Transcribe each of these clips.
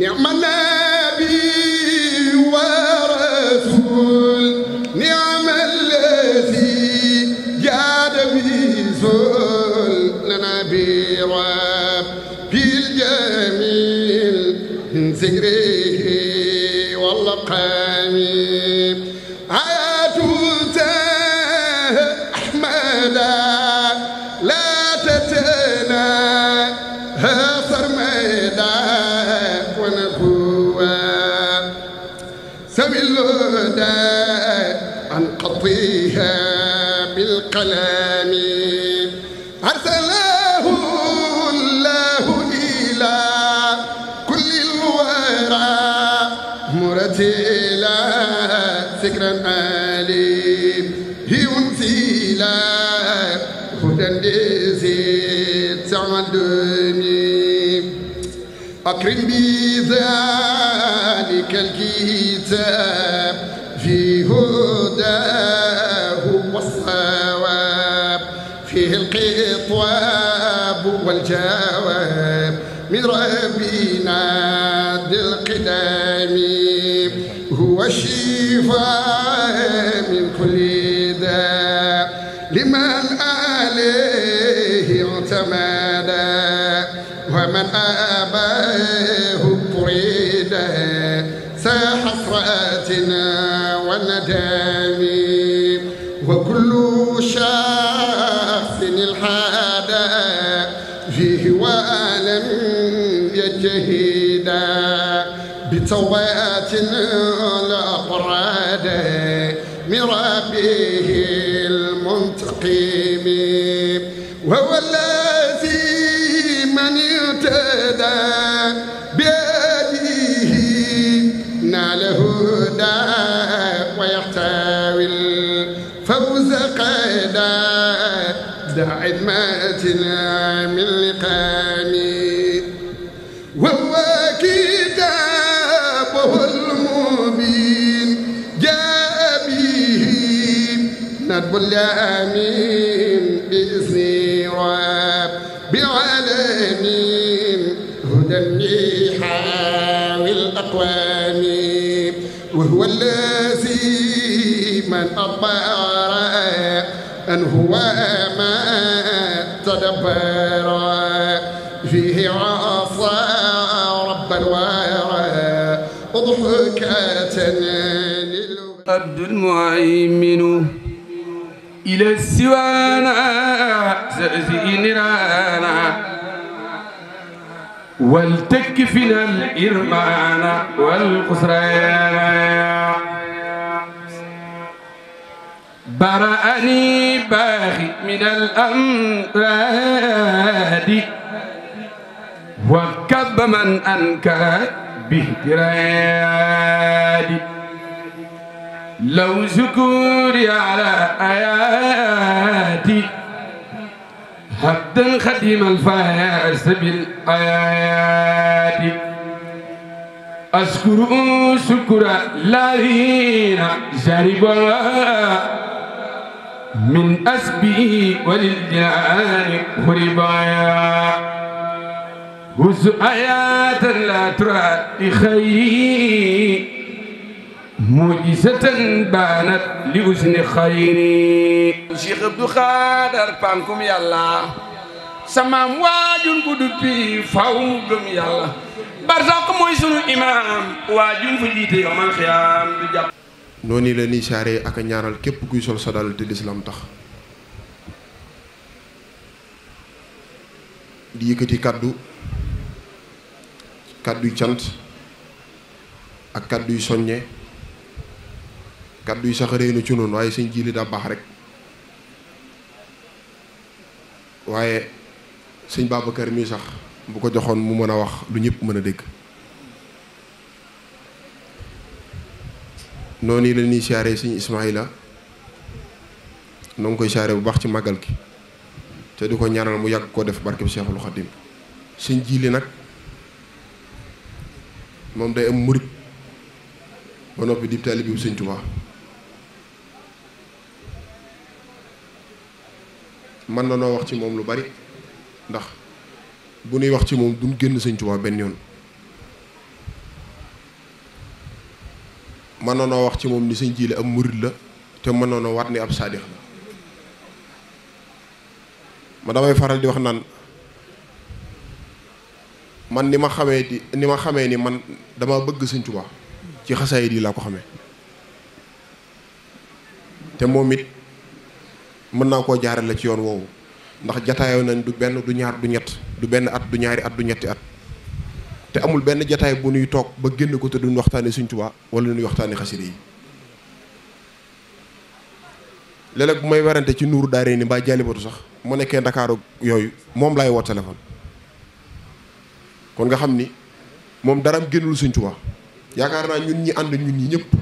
نعم القلم أرسله الله إلى كل الورى مرتلا سكرا أليم ينزيلا هدى لزيد تعمدني أكرم بذلك الكتاب والجواب من ربنا ذي القدام هو الشفاء من كل داء لمن عليه اعتمد ومن أباه طريد سحسرتنا والندم وكل شخص الحال شهيدا بتوبات الأفراد من ربه المنتقم وهو الذي من اهتدى بهديه نال هدى ويحتوي الفوز قيدا دع عدمة من لقاء ندب اليمين بإذني رب العالمين هدى حاوي الأقوام وهو الذي من أطار أن هو ما تدبر فيه عصى ربا وارى أضحكة عبد المهيمن إلى سوانا سأزينرانا والتكفنا الإرمان والقسران برأني باخي من الأمراض وكب من أنكر باهترادي لو شكوري على آياتي هبدا خديم الفاس بالآيات أشكر شكر الذين شربوا من أسبه وللجنان خربايا وسؤايات لا ترى خير mujisatan baanat li usni xayri Cheikh Abdou Khadar pankum yàlla samaam waajun ku duppi faw gëm yàlla barsàq mooy sunu imaam waajun fu jiite yomal du jàpp noonu la saare ak a ñaanal képp kuy sol sa dal te lislaam tax di yëkkati kàddu kàdduy cant ak kàdduy soññe kaddu yi sax réy ci noonu waaye sëñ jili daa baax rek waaye sëñ Babacar mii sax bu ko joxoon mu mën a wax lu ñëpp mën a dégg noonu yi la ñuy siyaare sëñ Ismaïla noo ngi koy siyaare bu baax ci màggal gi te di ko ñaanal mu yàgg koo def barkeb Seexul Xadim jii li nag moom day am murit ba noppi di taalibe bi sëñ Tuubaa mën na noo wax ci moom lu bari ndax bu nuy wax ci moom duñ génn sëñ Tuubaa benn yoon mën na noo wax ci moom ni sëñ Jiile am murit la te mën na noo waat ni ab saadix la ma damay faral di wax naan man ni ma xamee di ni ma xamee ni man dama bëgg sëñ Tuubaa ci xasaayid yi laa ko xame te moom it mën naa koo jaarale ci yoon woowu ndax jataayoo nañ du benn du ñaar du ñett du benn at du ñaari at du ñetti at te amul benn jataay bu nuy toog ba génn ko te duñ waxtaane Sëñ Tuubaa wala nuy waxtaane xasida yi léeg-léeg bu may werante ci nuuru daare ni mbaa jaalibatu sax mu nekkee ndakaaru yooyu moom laay woo téléphone kon nga xam ni moom daram génnul Sëñ Tuubaa yaakaar naa ñun ñi ànd ñun ñi ñëpp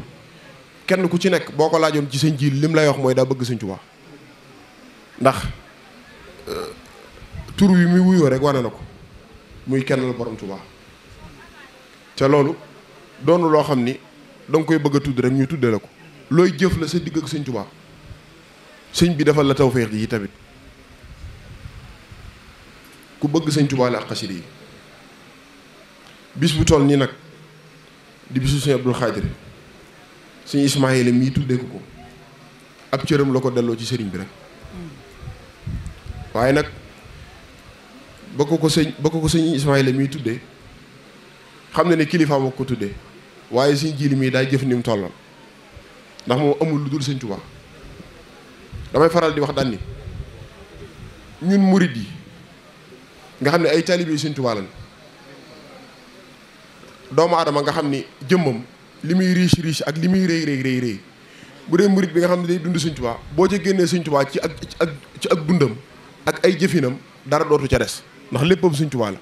kenn ku ci nekk boo ko laajoon ci sëñ ji lim lay wax mooy daa bëgg Sëñ Tuubaa ndax euh, tur wi muy wuyoo rek wane na ko muy kennal borom Tuubaa te loolu doonu loo xam ni danga koy bëgg a tudd rek ñuy tuddee la ko looy jëf la sa digg ak sëñ Tuubaa sëñ bi defal la tawféex yi tamit ku bëgg sëñ Tuubaa la ak xasida yi bis bu toll nii nag di bisu sëñ Abdul Xaadir sëñ Ismaayila mii tuddee ko ko ab cëram la ko delloo ci sëriñ bi rek waaye nag ba ko ko sëñ ba ko ko sëñ Ismaayla miy tuddee xam na ne kilifaam ak ko tudde waaye suñ jiili mii daay jëf ni mu tollal ndax moom amul lu dul sëñ Tuubaa damay faral di wax daan ni ñun murid yi nga xam ne ay taalibe sëñ Tuubaa lañ doomu aadama nga xam ni jëmmam li muy riche riche ak li muy rëy rëy rëy bu dee murid bi nga xam ne day dund sëñ Tuubaa boo ca génnee sëñ Tuubaa ci ak ci ci ak dundam ak ay jëfinam dara dootu ca des ndax léppam sëñ Tuubaa la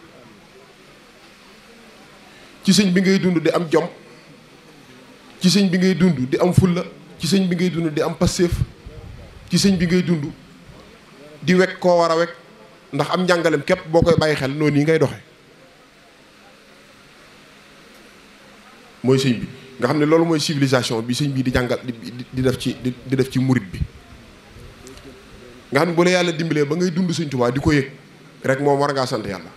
ci sëñ bi ngay dund di am jom ci sëñ bi ngay dund di am fulla ci sëñ bi ngay dund di am passeef ci sëñ bi ngay dund di wekk koo war a wekk ndax am njàngalem képp boo koy bàyyi xel noonu yi ngay doxe mooy sëñ bi nga xam ne loolu mooy civilisation bi sëñ bi di jàngal di def ci di def ci murit bi nga xam ne yàlla dimbalee ba ngay dund sëñ Tuubaa di ko yëg rek moom war ngaa sant yàlla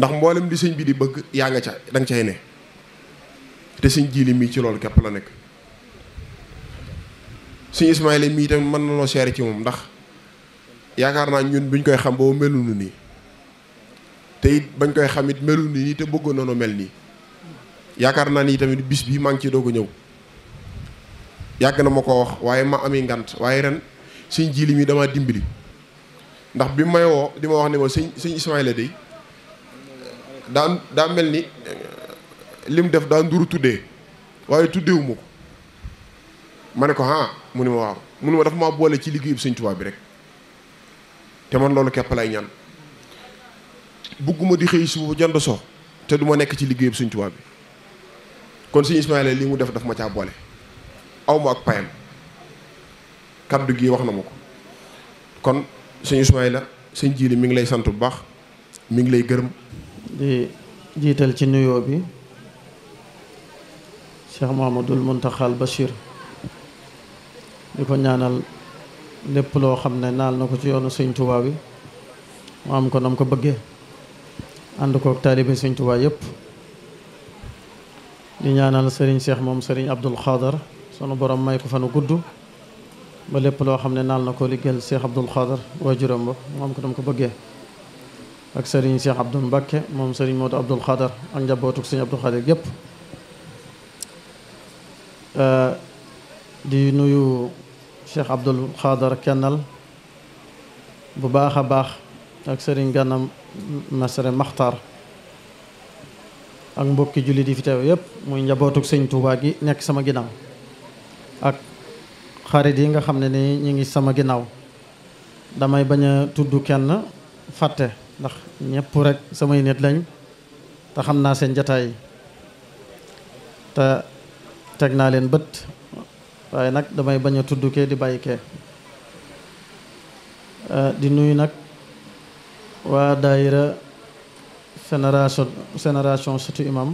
ndax mboolem li sëñ bi di bëgg yaa nga ca danga nga cay ne te sëñ jiili mii ci loolu képp la nekk sëñ Ismaayla mii tamit mën na noo seere ci moom ndax yaakaar naa ñun buñ koy xam boobu melunu nii te it bañ koy xamit it melunu nii te bëggoon na mel nii yaakaar naa nii tamit bis bii maa ngi ciy doog ñëw yàgg na ma ko wax waaye ma ami ngant waaye ren sëñ jiili mi damaa dimbali ndax bi may woo di ma wax ne ma sëñ sëñ Ismaïla day daa daa mel ni lim def daa nduru tuddee waaye tuddeewu ma ko ma ne ko ah mu ne ma waaw mu ne ma dafa maa boole ci liggéeyub sëñ Tuubaa bi rek te man loolu képp lay ñaan bëgguma di xëy suba jant so te du ma nekk ci liggéeyub sëñ Tuubaa bi kon sëñ Ismaïla li mu def daf ma caa boole awma ma ak payam kaddu gi wax na ma ko kon sëñ Ismaïla sëñ Jili mi ngi lay sant bu baax mu ngi lay gërëm. di jiital ci nuyoo bi Cheikh Mouhamadoul Mountakhal Bachir di ko ñaanal lépp loo xam ne naal na ko ci yoonu sëñ bi mu am ko nam ko bëggee ànd koog taalibe sëñ Touba yëpp. di ñaanal Serigne Cheikh moom Serigne Abdoul Khadar sunu borom may ko fanu gudd. ba lépp loo xam ne naal na ko liggéeyal Cheikh Abdoul Khadr waajuram ba moom ko dam ko bëggee ak Serigne Cheikh Abdoul Mbacké moom Serigne Modou Abdoul Khadr ak njabootuk Serigne Abdoul Khadr yépp nuyu Cheikh Abdoul kennal bu baax a baax ak Serigne Gana Messere maxtar ak mbokki julli di fi teew yépp muy njabootuk Serigne Touba gi nekk sama ginnaaw xarit yi nga xam ne ni ñu ngi sama ginnaaw damay bañ a tudd kenn fàtte ndax ñépp rek samay nit lañ te xam naa seen jataay te teg naa leen bët waaye nag damay bañ a tudd kee di bàyyi kee di nuyu nag waa daayira génération génération surtout imam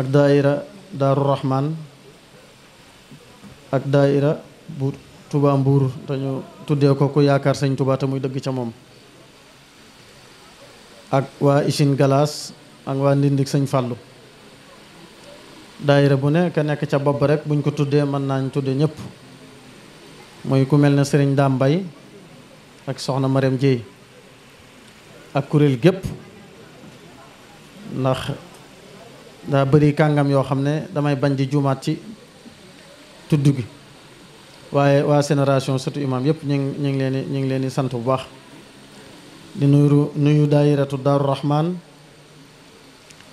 ak daayira daaru rahman ak daaira bu Touba Mbour te ñu tuddee ko ku yaakaar sañ Touba te muy dëgg ca moom ak waa Isin Galaas ak waa Ndindik sëñ Fàllu daayira bu ne ka nekk ca bopp rek buñ ko tuddee mën naa ñu tuddee ñëpp ku mel ne sëriñ Daam Mbay ak soxna Mariam Jéey ak kuréel gépp ndax daa bëri kàngam yoo xam ne damay bañ di juumaat ci tudd gi waaye waa génération surtout imam yëpp ñu ngi ñu ngi leen ñu ngi leen di sant bu baax di nuyu nuyu daayiratu daaru rahman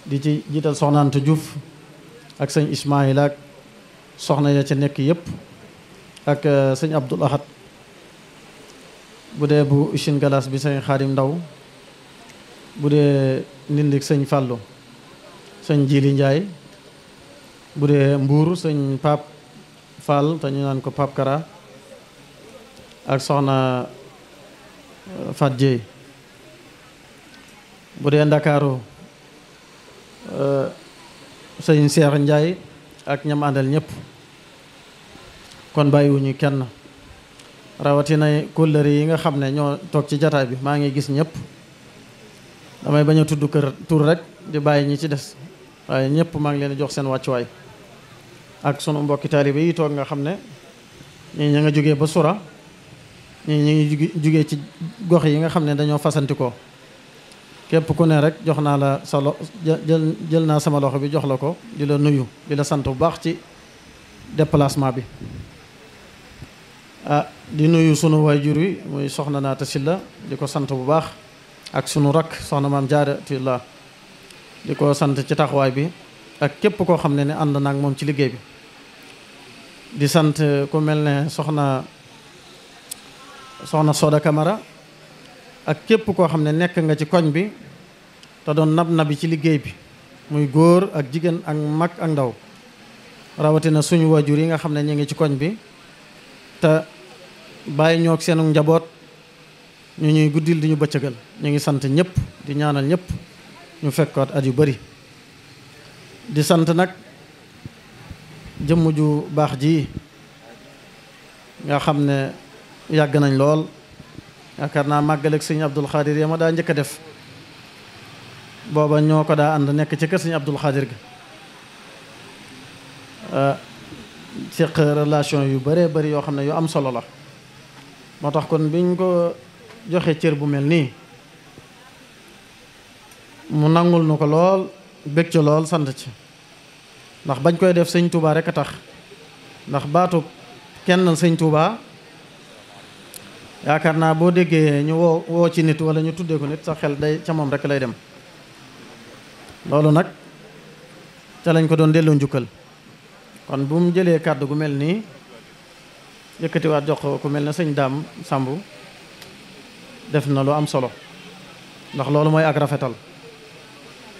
di ci jiital soxnaante juf ak sëñ Ismaïl ak soxna ya ca nekk yëpp ak euh, sëñ Abdul Ahad bu dee bu usine galas bi sëñ Xaadim Ndaw bu dee Ndindik sëñ Fàllu sëñ Jili Njaay bu dee Mbuur sëñ Pap Fall te ñu naan ko Pape ak soxna euh, Fat Dieye bu dee Ndakaaru euh, sëñ Cheikh Ndiaye ak ñam àndal ñëpp kon bàyyiwuñu kenn rawatina kóllëre yi nga xam ne ñoo toog ci jataay bi maa ngi gis ñëpp damay bañ a tudd kër tur rek di bàyyi ñi ci des waaye ñëpp maa ngi leen jox seen wàccuwaay ak sunu mbokki taalibe yi toog nga xam ne ñii ña nga jógee ba sura ñii ñu ngi jógee ci gox yi nga xam ne dañoo fasanti ko képp ku ne rek jox naa la sa lo jël naa sama loxo bi jox la ko di la nuyu di sant bu baax ci déplacement bi ah di nuyu sunu waay jur wi muy soxna naata silla di ko sant bu baax ak sunu rakk soxna maam jaaratullaa di ko sant ci taxawaay bi ak képp koo xam ne ne ànd naag moom ci liggéey bi di sant ku mel ne soxna soxna Soda Camara ak képp koo xam ne nekk nga ci koñ bi te doon nab nabi ci liggéey bi muy góor ak jigéen ak mag ak ndaw rawatina suñu waajur yi nga xam ne ñu ngi ci koñ bi te bàyyi ñoog seenu njaboot ñu ñuy guddil di ñu bëccëgal ñu ngi sant ñëpp di ñaanal ñëpp ñu fekkoot at yu bari di sant nag jëmm ju baax ji nga xam ne yàgg nañ lool yaakaar naa màggal ak sëñ Abdul Xaadir ya ma daa njëkk a def booba ñoo ko daa ànd nekk ci kër sëñ Abdul Xaadir ga ah, seq relation yu bëree bëri yoo xam ne yu am solo la moo tax kon biñ ko joxe cër bu mel nii mu nangul nu ko lool bég ci lool sant ci ndax bañ koy def sëñ Touba rek a tax ndax baatu kenn sëñ Touba yaakaar naa boo déggee ñu woo woo ci nit wala ñu tuddee ko nit sa xel day ca moom rekk lay dem loolu nag ca lañ ko doon delloo njukkal kon bu jëlee kàddu gu mel nii yëkkatiwaat jox ko ku mel ne sëñ daam Samb def na lu am solo ndax loolu mooy ak rafetal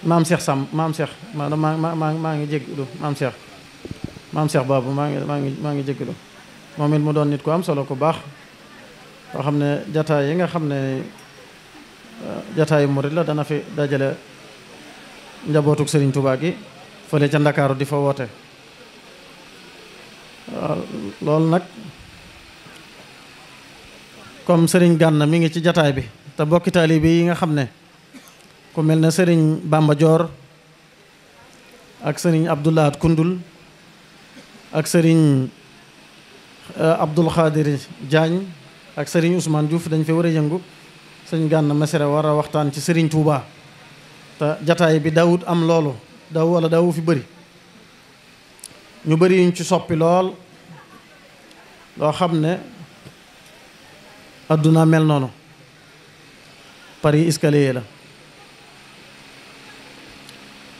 maam Cheikh Samb maam Cheikh ma maa maa maa ngi jégalu maam Cheikh maam Cheikh Babu maa ngi maa ngi maa ngi moom it mu doon nit ku am solo ku baax koo xam ne jataay yi nga xam ne euh, jataayu murit la dana fi dajale njabootuk Serigne Touba gi fële ca Ndakaaru di fa woote loolu nag comme Serigne na mi ngi ci jataay bi te bokki taalibe yi nga xam ne ku mel na sëriñ Bamba ak sëriñ Abdoulahat Kundul ak sëriñ euh, Abdoul Khadir Diagne ak sëriñ Ousmane Diouf dañ fi war a yëngu sëñ Gana Messere war a waxtaan ci sëriñ Touba te jataay bi daawut am loolu daaw wala daawu fi bari ñu bëri yuñ ci soppi lool loo xam ne àdduna mel noonu Paris escalier la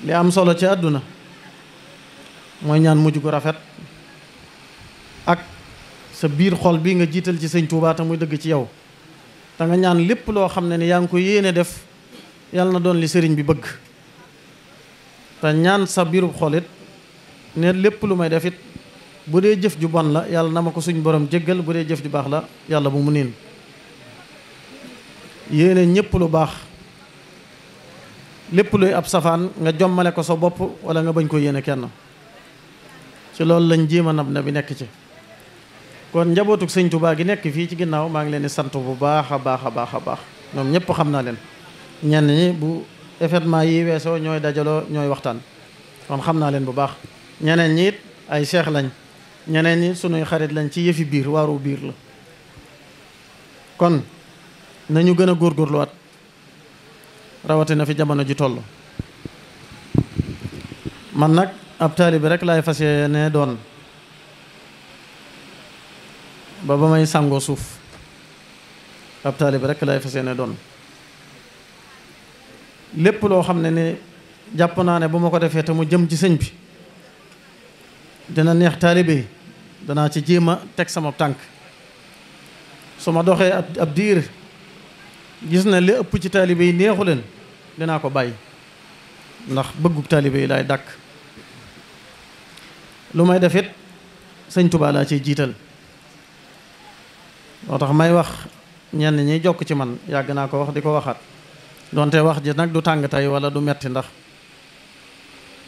li am solo ci àdduna mooy ñaan mujj gu rafet ak sa biir xol bi nga jiital ci sëñ Tuubaa te muy dëgg ci yow da nga ñaan lépp loo xam ne ni yaa ngi ko yéene def yàlla na doon li sëriñ bi bëgg te ñaan sa biirub xolit ne lépp lu may def it bu dee jëf ju bon la yàlla na ma ko suñ borom jéggal bu dee jëf ju baax la yàlla bu mu niin yéene ñépp lu baax lépp luy ab safaan nga jommale ko sa bopp wala nga bañ ko yéene kenn ci loolu lañ jéema nab na bi nekk ci kon njabootuk sëñ Tuubaa gi nekk fii ci ginnaaw maa ngi leen di sant bu baax a baax a baax a baax ñoom ñëpp xam naa leen ñenn ñi bu événement yi weesoo ñooy dajaloo ñooy waxtaan kon xam naa leen bu baax ñeneen ñi it ay seex lañ ñeneen ñi sunuy xarit lañ ci yëfi biir waaru biir la kon nañu gën a góorgóorluwaat rawatina fi jamono ji toll man nag ab taalibe rek laay fase ne doon ba may sàngoo suuf ab taalibe rek laay fas yéene doon lépp loo xam ne ni jàpp naa ne ba ma ko defee te mu jëm ci sëñ bi dina neex taalibe yi danaa ci jéem a teg sama tànk su ma doxee ab diir gis na li ëpp ci taalibe yi neexu leen dinaa ko bàyyi ndax bëggub taalibe yi laay dàkk lu may def it sëñ Tuubaa laa jiital moo tax may wax ñenn ñi jokk ci man yàgg naa ko wax di ko waxaat donte wax ji nag du tàng tey wala du metti ndax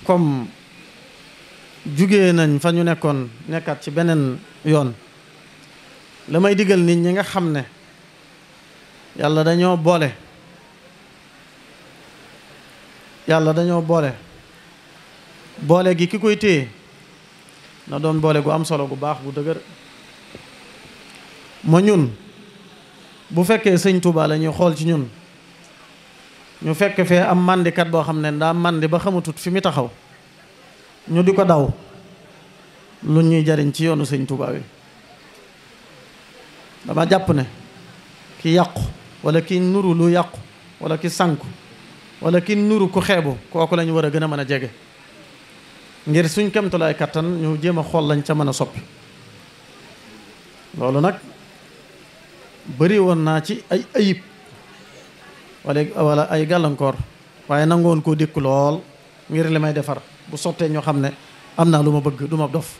comme jóge nañ fa ñu nekkoon nekkaat ci beneen yoon la may digal nit ñi nga xam ne yàlla dañoo boole yàlla dañoo boole boole gi ki koy téye na doon boole gu am solo gu baax bu dëgër ma ñun bu fekkee sëñ Touba ñuy xool ci ñun ñu fekk fee am màndikat boo xam ne ndaa màndi ba xamatut fi mu taxaw ñu di ko daw lu ñuy jariñ ci yoonu sëñ Touba dama jàpp ne ki yàqu wala ki nuru lu yàqu wala ki sànku wala ki nuru ku xeebu kooku lañu war a gën a mën a jege ngir suñ ay kattan ñu jéem a xool lañ ca mën a soppi loolu nag bari woon naa ci ay ayib wala ay gàllankoor waaye nangoon koo dékku lool ngir li may defar bu sottee ñoo xam ne am naa lu ma bëgg du ma dof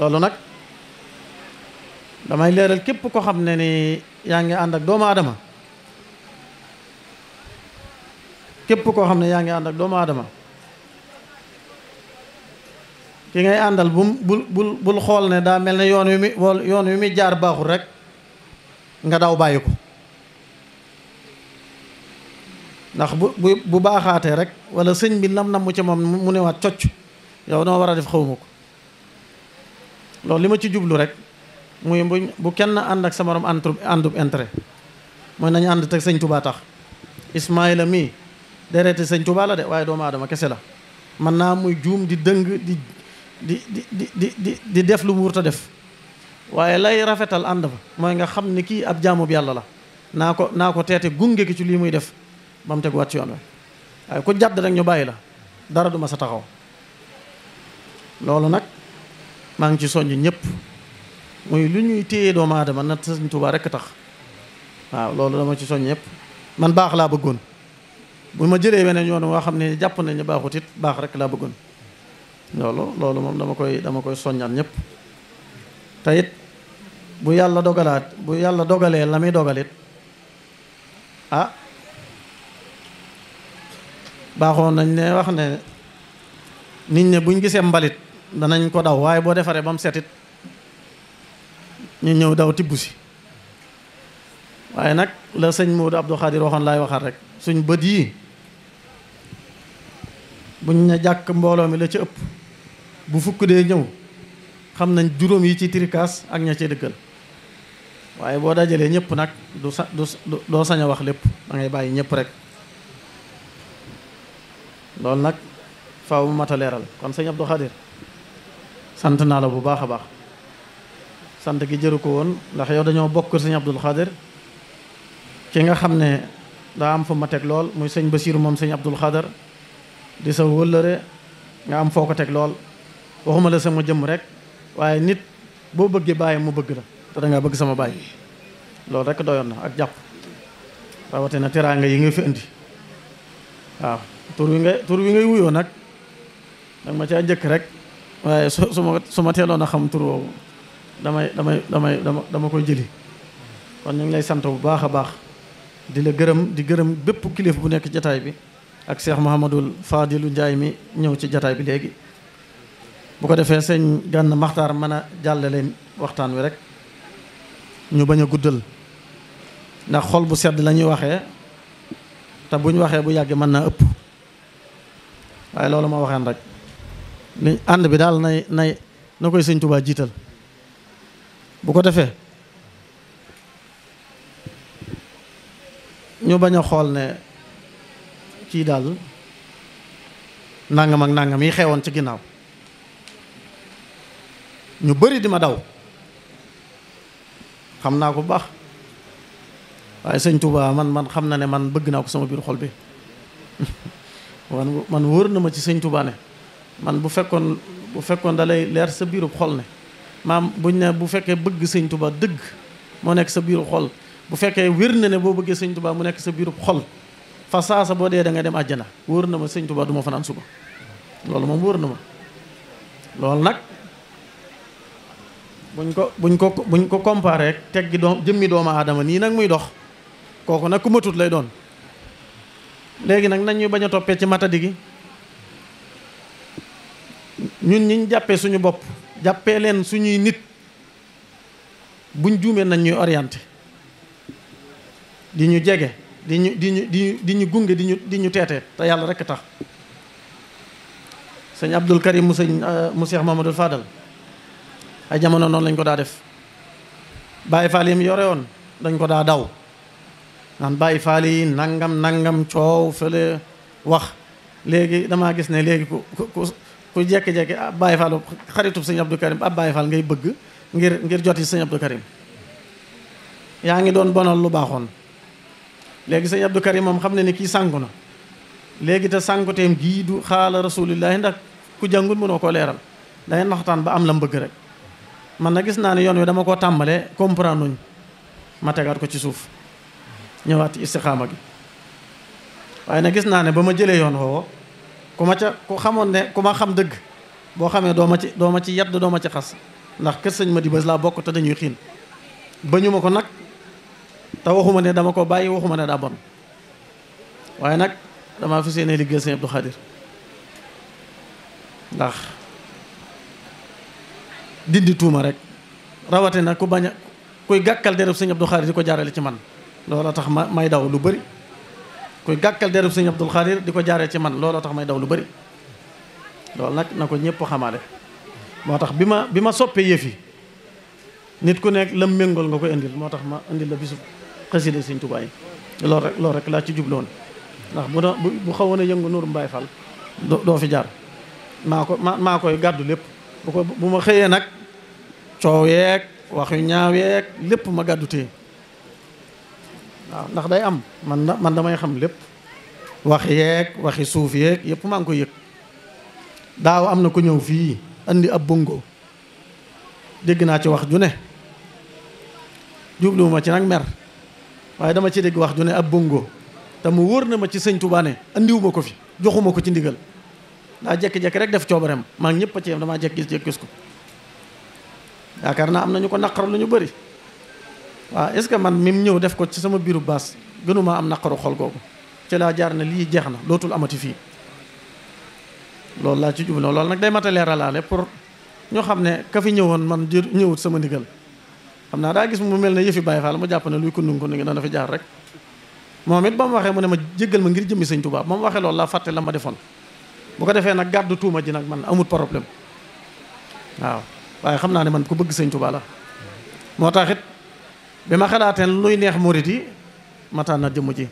loolu nag damay leeral képp ko xam ne ni yaa ngi ànd ak doomu aadama képp koo xam ne yaa ngi ànd ak doomu aadama ki ngay àndal bum bul bul bul xool ne daa mel ne yoon wi mi yoon wi muy jaar baaxul rek nga daw bàyyi ko ndax bu bu bu baaxaatee rek wala sëñ bi nam nam mu ci moom mu newaat cocc yow noo war a def xawma ko loolu li ma ci jublu rek muy bu kenn ànd ak samaroom morom àndub àndub intérêt mooy nañu ànd teg sëñ tubaa tax Ismaayla mii dereeti sëñ tubaa la de waaye doomu aadama kese la man naa muy juum di dëng di di di di di di def lu mu wurta def waaye lay rafetal ànd ma mooy nga xam ni kii ab jaamub yàlla la naa ko naa ko teete gunge ki ci lii muy def ba mu teg wàcc yoon we waaye ku jàdd rek ñu bàyyi la dara du ma sa taxaw loolu nag maa ngi ci soññ ñëpp muy lu ñuy téye doomu aadama na sëñ Tuubaa rekk tax waaw loolu dama ci soñ ñëpp man baax laa bëggoon bu ma jëlee weneen yoon woo xam ne jàpp nañu baaxut it baax rek laa bëggoon loolu loolu moom dama koy dama koy soññal ñëpp te it bu yàlla dogalaat bu yàlla dogalee la muy dogalit ah baaxoon nañ ne wax ne nit ñi buñ gisee mbalit danañ ko daw waaye boo defaree ba setit ñu ñëw daw tibb si waaye nag la sëñ Moodu Abdou Khadir waxoon laay waxaat rek suñ bët yi buñ ne jàkk mbooloo mi la ci ëpp bu fukk dee ñëw xam nañ juróom yi ci trikaas ak ña ci dëkkal waaye boo dajalee ñépp nag du sa doo sañ a wax lépp da ngay bàyyi ñëpp rek loolu nag faaw mu mat a leeral kon sëñ Abdou Khadir sant naa la bu baax a baax sant gi jëru ko woon ndax yow dañoo bokk sëñ Abdul Xaadir ki nga xam ne daa am fa ma teg lool muy sëñ Basiiru moom sëñ Abdul Xaadir di sa wëllëre nga am foo ko teg lool waxuma la sama jëmm rek waaye nit boo bëggee bàyyi mu bëgg la te dangaa bëgg sama bàyyi loolu rek doyoon na ak jàpp rawatee na teraanga yi nga fi indi waaw tur wi nga tur wi ngay wuyoo nag danga ma caa njëkk rek waaye su su ma su ma teeloon a xam tur woowu damay damay damay dama dama koy jëli kon ñu ngi lay sant bu baax a baax di la gërëm di gërëm bépp kilif bu nekk jataay bi ak Cheikh Mouhamadul Fadilu njaay mi ñëw ci jataay bi léegi bu ko defee sëñ Gana Maxtaar mën a jàllale waxtaan wi rek ñu bañ a guddal ndax xol bu sedd la ñuy waxee te bu ñu waxee bu yàggee mën naa ëpp waaye loolu ma waxeen rek li ànd bi daal nay nay na koy sëñ Tuubaa jiital bu ko defee ñu bañ a xool ne kii daal nangam ak nangam yi xewoon ci ginnaaw ñu bari di ma daw xam naa ko bu baax waaye sëñ Touba man man xam na ne man bëgg naa ko sama biir xol bi man man wóor na ma ci sëñ Touba ne man bu fekkoon bu fekkoon da leer sa biirub xol ne maam buñ ne bu fekkee bëgg sëñ Tuubaa dëgg moo nekk sa biiru xol bu fekkee wir na ne boo bëggee sëñ Tuubaa mu nekk sa biiru xol fa saa sa boo dee da nga dem àjjana wóor na ma sëñ Tuubaa du ma fanaan suba loolu moom wóor na ma loolu nag buñ ko buñ ko buñ ko comparé ak teggi doom jëmmi doomu aadama nii nag muy dox kooku nag ku matut lay doon léegi nag nañuy bañ a toppee ci matadi gi ñun ñiñ jàppee suñu bopp jàppee leen suñuy nit buñ juumee nañ ñuy orienté di ñu jege di ñu di ñu di di ñu gunge di ñu di ñu teete te yàlla rekk tax sëñ Abdul Karim mu sëñ euh, mu Seex Mamadul Fadal ay jamono noonu lañ ko daa def bàyyi faal yi mu yore woon dañ ko daa daw naan bàyyi faal yi nangam nangam coow fële wax léegi damaa gis ne léegi ku ku ku jekki-jekki ab ah, Baye xaritu xaritub sëñ Abdou Karim ab ah, Baye fal ngay bëgg ngir ngir jot yi sëñ Abdou Karim yaa ngi doon bonal lu baaxoon léegi sëñ Abdou Karim moom xam ne ni kii sànku na léegi te sànkuteem gii du xaala rasulillahi ndax ku jàngul mënoo koo leeral day naxtaan ba am la mbëgg rek man na gis naa ne yoon wi dama koo tàmbale comprendre nuñ ma tegaat ko ci suuf ñëwaat ci istixaama gi waaye na gis naa ne ba ma jëlee yoon woowo ku ma ca ku xamoon ne ku ma xam dëgg boo xamee doo ma ci doo ma ci yedd doo ma ci xas ndax kër sëñ ma di bés laa bokk te dañuy xiin bañu ko nag te waxuma ne dama ko bàyyi waxuma ne daa bon waaye nag damaa fas yéene liggéey sëñ Abdou Khadir ndax dindi rek rawatina na ku bañ kuy gàkkal dereb sëñ Abdou Khadir di ko jaarale ci man loola tax ma may daw lu bari kuy gàkkal derub sëñ Abdul Xaadir di ko jaaree ci man looloo tax may daw lu bëri loolu nag na ko ñëpp xamaale moo tax bi ma bi ma soppee yëf yi nit ku nekk lam méngool nga ko indil moo tax ma indil la bisub xasida sëñ Tuubaa yi loolu rek laa ci jubloon ndax bu doon bu xawoon a yëngu Nuuru Mbaay Fall doo fi jaar maa ko ma maa koy gàddu lépp bu ko bu ma xëyee nag coow yeeg wax yu ñaaw lépp ma gàddu téye waaw ndax day am man man damay xam lépp wax yeek waxi suuf yeeg yëpp maa ngi ko yëg daaw am na ku ñëw fii andi ab bëngoo dégg naa ci wax ju ne jubluwuma ci nag mer waaye dama ci dégg wax ju ne ab bongo te mu wóor na ma ci sëñ Tuubaa ne andiwuma ko fi joxuma ko ci ndigal daa jékki-jékki rek def coobareem maa ngi ñëpp a ci yem damaa jékki-jékki ko yaakaar naa am na ñu ko naqar lu ñu bari waaw est-ce que man mi mu ñëw def ko ci sama biiru baas gënumaa am naqaru xol googu ci laa jaar na lii jeex na lootul amati fii loolu laa ci jublu loolu nag day mat a leeralaale pour ñu xam ne ka fi ñëwoon man jë ñëwut sama ndigal xam naa daa gis mu mel ne yëfi Baay Faal mu jàpp ne luy kundung kundung dana fi jaar rek moom it ba mu waxee mu ne ma jéggal ma ngir jëmmi sañ Tuubaa ba waxee loolu laa fàtte la ma defoon bu ko defee nag gàddu tuuma ji nag man amut problème waaw waaye xam naa ne man ku bëgg sëñ Tuubaa la moo tax bi ma xalaateen luy neex murit yi mataan na jëmm ji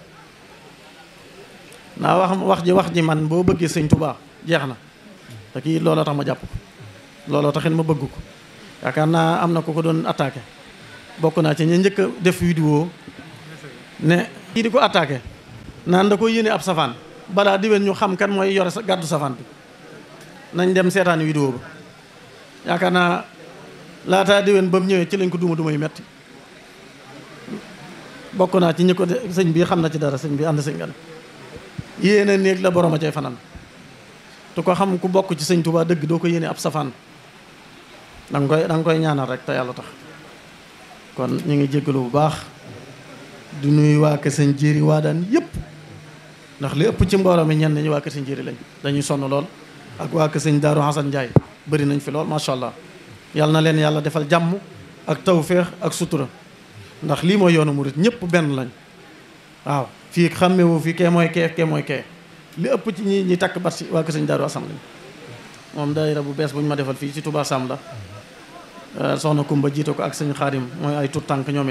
naa wax wax ji wax ji man boo bëggee sëñtu Tuubaa jeex na te kii looloo tax ma jàpp looloo tax taxin ma bëgg ko yaakaar naa am na ku ko doon attaqué bokk naa ci ñu njëkk a def vidéo ne kii di ko attaqué naan da koy yéene ab safaan balaa diwén ñu xam kan mooy yore gàddu safaan bi nañ dem seetaan vidéo ba yaakaar naa laataa diwén ba mu ñëwee ci lañ ko duma duma yu metti bokk naa ci ñi ko sëñ bii xam na ci dara sëñ bi ànd sëñ gan yéene néeg la borom a cay fanaan tu ko xam ku bokk ci sëñ Tuubaa dëgg doo ko yéene ab safaan da koy da koy ñaanal rek te yàlla tax kon ñu ngi jéggalu bu baax du nuyu waa kër sëñ Jéeri waa daan yëpp ndax li ëpp ci mbooloo mi ñenn ñi waa kër sëñ Jéeri lañ dañuy sonn lool ak waa kër sëñ Daaru Xasan Njaay bëri nañ fi lool macha allah yàlla na leen yàlla defal jàmm ak tawféex ak sutura ndax lii mooy yoonu murit ñëpp benn lañ waaw fii xàmmewu fi kee mooy kee kee mooy kee li ëpp ci ñi ñi takk bat si waa kër sëñ Daaru Asan lañ moom daayira bu bees bu ñu ma defal fii ci Touba la euh, soxna Kumba jiite ko ak sëñ Xaadim mooy ay tut tànk ñoom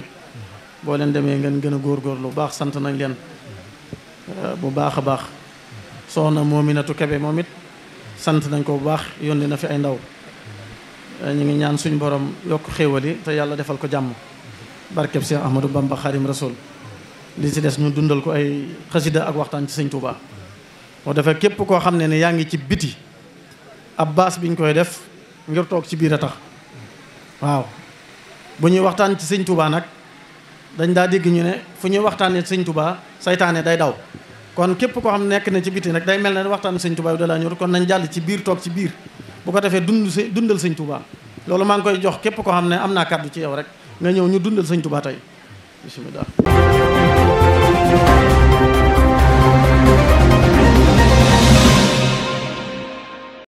boo leen demee ngeen gën a lu baax sant nañ leen euh, bu baax a baax soxna Moominatu Kebe moomit sant nañ ko bu baax yónni na fi ay ndaw euh, ñu ngi ñaan suñu borom yokk xéewal te yàlla defal ko jàmm barkeb Cheikh Ahmadou Bamba Xarim Rasul li si des ñu dundal ko ay xasida ak waxtaan ci sëñ Touba boo defee képp koo xam ne ne yaa ngi ci biti ab baas biñ koy def ngir toog ci biir a tax waaw bu ñuy waxtaan ci sëñ Touba nag dañ daa dégg ñu ne fu ñuy waxtaanee sëñ Touba saytaane day daw kon képp ko xam nekk na ci biti nag day mel ne waxtaan sëñ Touba bi da laa ñor kon nañ jàll ci biir toog ci biir bu ko defee dund dundal sëñ Touba loolu maa ngi koy jox képp koo xam ne am naa kàddu ci yow rek nga ñëw ñu dundal sëñ Tuubaa tey bisimilah.